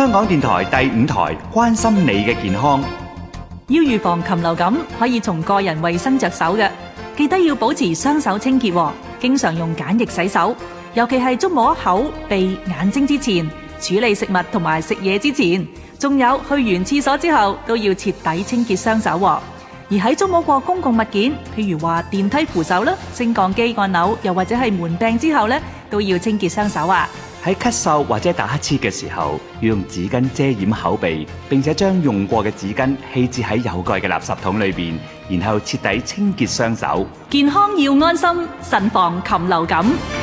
香港電台第五台，關心你嘅健康。要預防禽流感，可以從個人衛生着手嘅。記得要保持雙手清潔，經常用梘液洗手，尤其係觸摸口、鼻、眼睛之前，處理食物同埋食嘢之前，仲有去完廁所之後都要徹底清潔雙手。而喺觸摸過公共物件，譬如話電梯扶手啦、升降機按鈕，又或者係門柄之後呢，都要清潔雙手啊。喺咳嗽或者打乞嗤嘅時候，要用紙巾遮掩口鼻，並且將用過嘅紙巾棄置喺有蓋嘅垃圾桶裡面，然後徹底清潔雙手。健康要安心，慎防禽流感。